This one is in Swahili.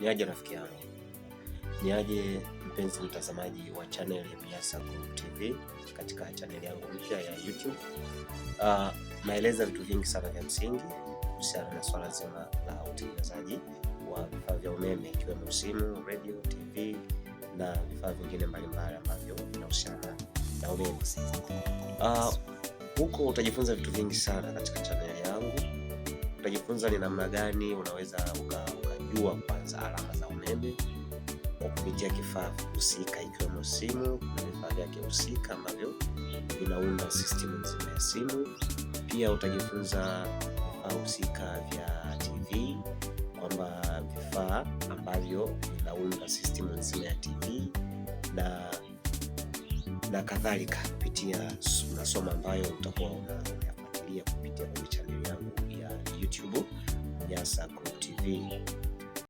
Niaje rafiki yangu, niaje mpenzi mtazamaji wa channel ya Miasa TV katika channel yangu mpya ya YouTube. Uh, naeleza vitu vingi sana vya msingi kuhusiana na swala zima la utengenezaji wa vifaa vya umeme ikiwemo simu, radio, TV na vifaa vingine mbalimbali ambavyo vinahusiana na umeme. Uh, huko utajifunza vitu vingi sana katika channel yangu. Utajifunza ni namna gani unaweza uka, uka kujua kwanza alama za umeme kwa kupitia kifaa husika ikiwemo simu na vifaa vyake husika ambavyo vinaunda system nzima ya simu. Pia utajifunza vifaa husika vya TV kwamba vifaa ambavyo vinaunda system nzima ya TV na na kadhalika, kupitia masomo ambayo utakuwa unayafuatilia kupitia kwenye chaneli yangu ya YouTube Nyasa Group TV.